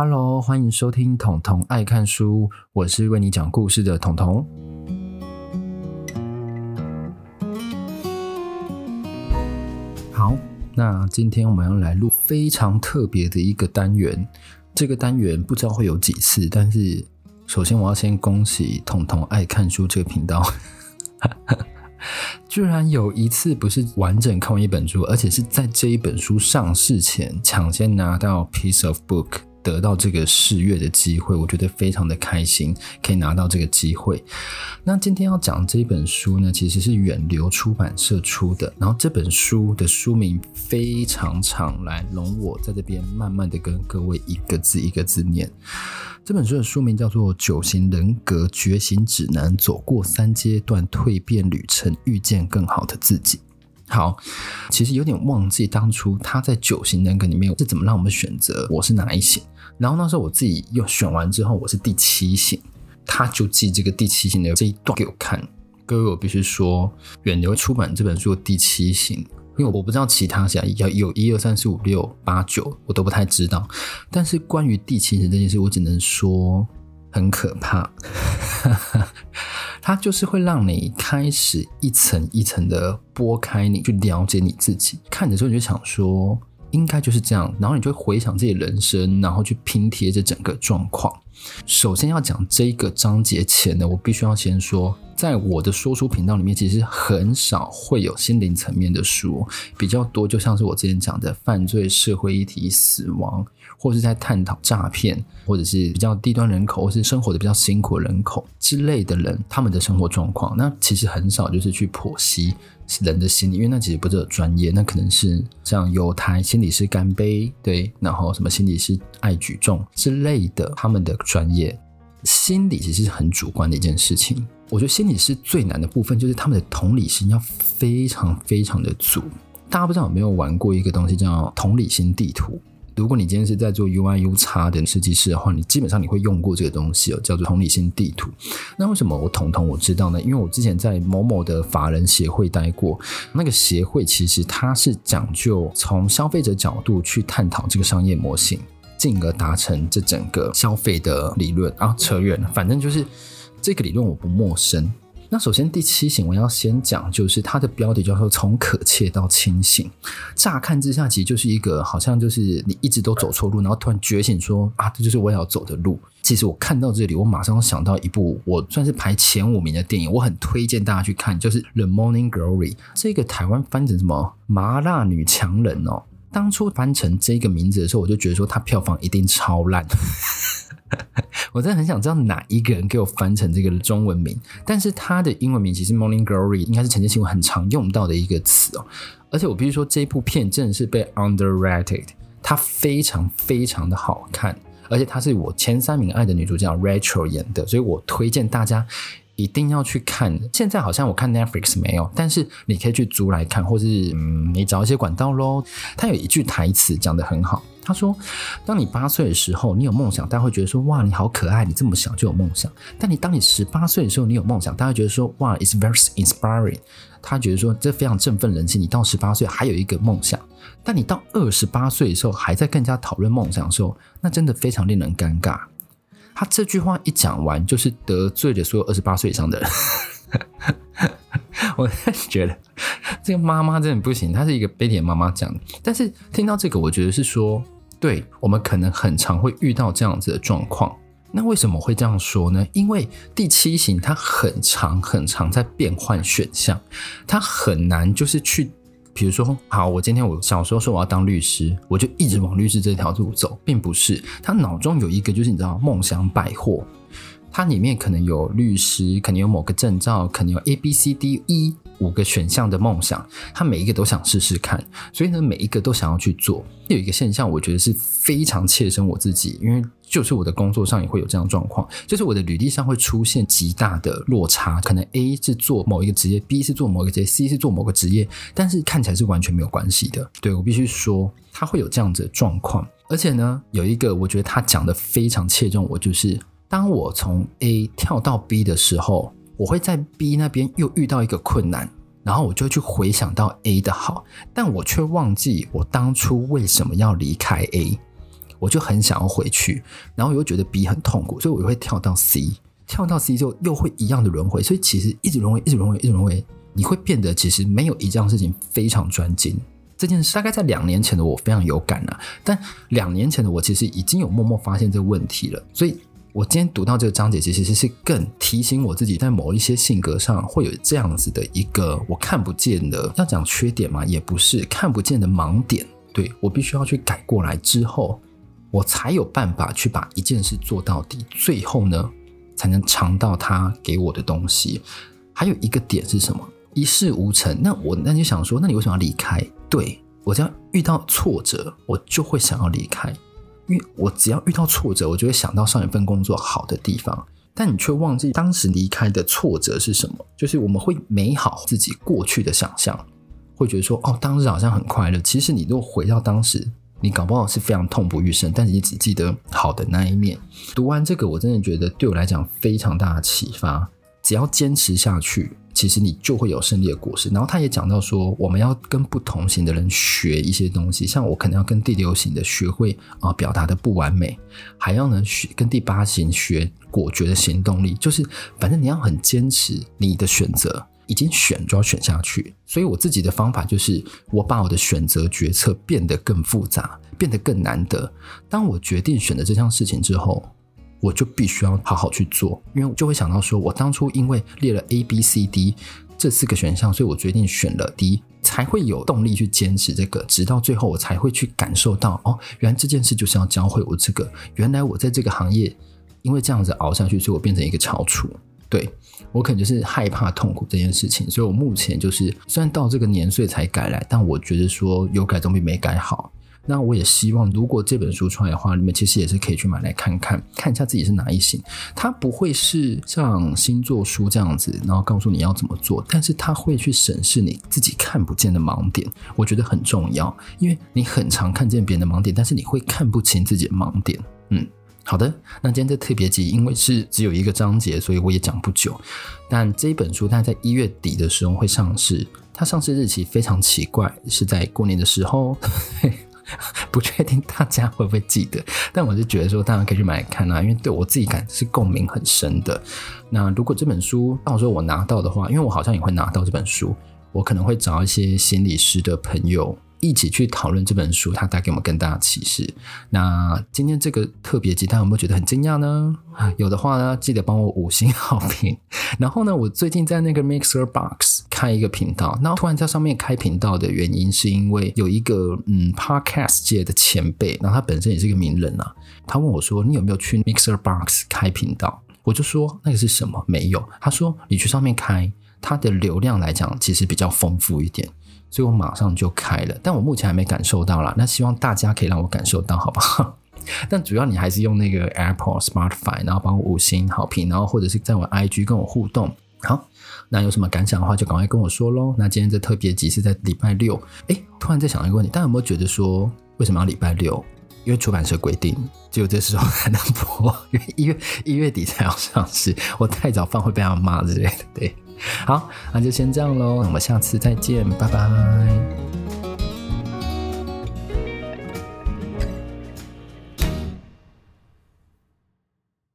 Hello，歡迎收聽《彤彤愛看書》，我是為你講故事的彤彤。好，那今天我們要來錄非常特別的一個單元。這個單元不知道會有幾次，但是首先我要先恭喜《彤彤愛看書》這個頻道， 居然有一次不是完整看完一本書，而且是在這一本書上市前，搶先拿到 piece of book。得到這個試讀的機會，我覺得非常的開心，可以拿到這個機會。那今天要講這本書呢，其實是遠流出版社出的。然後這本書的書名非常長，來容我在這邊慢慢的跟各位一個字一個字念。這本書的書名叫做《九型人格覺醒指南：走過三階段蛻變旅程，遇見更好的自己》。好，其實有點忘記當初他在九型人格裡面是怎麼讓我們選擇我是哪一型。然後那時候我自己又選完之後，我是第七型，他就寄這個第七型的這一段給我看。各位，我必須說，遠流出版這本書的第七型，因為我不知道其他型要、啊、有一二三四五六八九，我都不太知道。但是關於第七型這件事，我只能說。很可怕呵呵，它就是會讓你開始一層一層的剝開你，你去了解你自己。看的時候你就想說，應該就是這樣。然後你就回想自己人生，然後去拼貼這整個狀況。首先要講這一個章節前呢，我必須要先說。在我的說書頻道裡面，其實很少會有心靈層面的書，比較多就像是我之前講的犯罪、社會議題、死亡，或者是在探討詐騙，或者是比較低端人口，或是生活的比較辛苦人口之類的人，他們的生活狀況。那其實很少就是去剖析人的心理，因為那其實不是專業，那可能是像猶太心理師乾杯對，然後什麼心理師愛舉重之類的，他們的專業。心理其實是很主觀的一件事情，我覺得心理師最難的部分，就是他們的同理心要非常非常的足。大家不知道有沒有玩過一個東西叫同理心地圖？如果你今天是在做 UI、UX 的設計師的話，你基本上你會用過這個東西哦，叫做同理心地圖。那為什麼我統統我知道呢？因為我之前在某某的法人協會待過，那個協會其實它是講究從消費者角度去探討這個商業模型。進而達成這整個消費的理論啊，扯遠了。反正就是這個理論我不陌生。那首先第七型我要先講，就是它的標題叫做“從渴望到清醒”。乍看之下，其實就是一個好像就是你一直都走錯路，然後突然覺醒說啊，這就是我要走的路。其實我看到這裡，我馬上想到一部我算是排前五名的電影，我很推薦大家去看，就是《The Morning Glory》。這個台灣翻成什麼麻辣女強人哦。當初翻成這個名字的時候，我就覺得說它票房一定超爛。 我真的很想知道哪一個人給我翻成這個中文名，但是它的英文名其實 Morning Glory 應該是晨間新聞很常用到的一個詞哦。而且我必須說，這部片真的是被 underrated，它非常非常的好看，而且它是我前三名愛的女主角 Rachel 演的，所以我推薦大家，一定要去看。現在好像我看 Netflix 沒有，但是你可以去租來看，或是嗯，你找一些管道咯。他有一句台詞講得很好，他說：“當你八歲的時候，你有夢想，大家會覺得說哇，你好可愛，你這麼小就有夢想。但你當你十八歲的時候，你有夢想，大家會覺得說哇，it's very inspiring。他覺得說這非常振奮人心。你到十八歲還有一個夢想，但你到二十八歲的時候還在更加討論夢想的時候，那真的非常令人尷尬。”他這句話一講完，就是得罪了所有二十八歲以上的人。 我覺得這個媽媽真的不行，她是一個 baby 媽媽講的。但是聽到這個，我覺得是說，對我們可能很常會遇到這樣子的狀況。那為什麼會這樣說呢？因為第七型他很常很常在變換選項，他很難就是去。比如說，好，我今天我小時候說我要當律師，我就一直往律師這條路走，並不是，他腦中有一個就是你知道夢想百貨，它裡面可能有律師，可能有某個證照，可能有 ABCDE。五個選項的夢想，他每一個都想試試看，所以呢，每一個都想要去做。有一個現象，我覺得是非常切身我自己，因為就是我的工作上也會有這樣狀況，就是我的履歷上會出現極大的落差。可能 A 是做某一個職業，B 是做某一個職業，C 是做某個職業，但是看起來是完全沒有關係的。對，我必須說，他會有這樣子的狀況。而且呢，有一個我覺得他講的非常切中我，就是當我從 A 跳到 B 的時候。我會在 B 那邊又遇到一個困難，然後我就去回想到 A 的好，但我卻忘記我當初為什麼要離開 A，我就很想要回去，然後又覺得 B 很痛苦，所以我又會跳到 C，跳到 C 之後又會一樣的輪迴，所以其實一直輪迴，一直輪迴，一直輪迴，你會變得其實沒有一件事情非常專精。這件事大概在兩年前的我非常有感了啊，但兩年前的我其實已經有默默發現這個問題了，所以。我今天讀到這個章節，其實是更提醒我自己，在某一些性格上會有這樣子的一個我看不見的，要講缺點嘛，也不是看不見的盲點。對，我必須要去改過來之後，我才有辦法去把一件事做到底，最後呢，才能嘗到他給我的東西。還有一個點是什麼？一事無成。那我那就想說，那你為什麼要離開？對，我這樣遇到挫折，我就會想要離開。因為我只要遇到挫折，我就會想到上一份工作好的地方，但你卻忘記當時離開的挫折是什麼？就是我們會美好自己過去的想象，會覺得說，哦，當時好像很快樂。其實你若回到當時，你搞不好是非常痛不欲生，但是你只記得好的那一面。讀完這個，我真的覺得對我來講非常大的啟發。只要堅持下去。其實你就會有勝利的果實。然後他也講到說，我們要跟不同型的人學一些東西，像我可能要跟第六型的學會啊表達的不完美，還要呢學跟第八型學果決的行動力，就是反正你要很堅持你的選擇，已經選就要選下去。所以我自己的方法就是，我把我的選擇決策變得更複雜，變得更難得。當我決定選擇這項事情之後。我就必須要好好去做，因為就會想到說，我當初因為列了 A、B、C、D 這四個選項，所以我決定選了 D，才會有動力去堅持這個，直到最後我才會去感受到，哦，原來這件事就是要教會我這個。原來我在這個行業，因為這樣子熬下去，所以我變成一個翹楚。對，我可能就是害怕痛苦這件事情，所以我目前就是，雖然到這個年歲才改來，但我覺得說有改總比沒改好。那我也希望，如果這本書出來的話，你們其實也是可以去買來看看，看一下自己是哪一型。它不會是像星座書這樣子，然後告訴你要怎麼做，但是它會去審視你自己看不見的盲點，我覺得很重要，因為你很常看見別人的盲點，但是你會看不清自己的盲點。嗯，好的，那今天這特別集因為是只有一個章節，所以我也講不久。但這一本書它在一月底的時候會上市，它上市日期非常奇怪，是在過年的時候。 不確定大家會不會記得，但我是覺得說大家可以去買來看啦，啊，因為對我自己感是共鳴很深的。那如果這本書到時候我拿到的話，因為我好像也會拿到這本書，我可能會找一些心理師的朋友一起去討論這本書，它帶給我們更大的啟示。那今天這個特別集，大家有沒有覺得很驚訝呢？有的話呢，記得幫我五星好評。 然後呢，我最近在那個 Mixer Box。開一個頻道，那突然在上面開頻道的原因，是因為有一個嗯，podcast 界的前輩，那他本身也是個名人啊。他問我說：“你有沒有去 Mixer Box 開頻道？”我就說：“那個是什麼？”沒有。他說：“你去上面開，它的流量來講，其實比較豐富一點。”所以我馬上就開了，但我目前還沒感受到啦。那希望大家可以讓我感受到，好不好？ 但主要你還是用那個 Apple、Spotify，然後幫我五星好評，然後或者是在我 IG 跟我互動，好。那有什麼感想的話，就趕快跟我說嘍。那今天這特別集是在禮拜六，哎、欸，突然在想一個問題，大家有沒有覺得說為什麼要禮拜六？因為出版社規定只有這時候才能播，因為一月一月底才要上市，我太早放會被他罵之類的。對，好，那就先這樣嘍。我們下次再見，拜拜。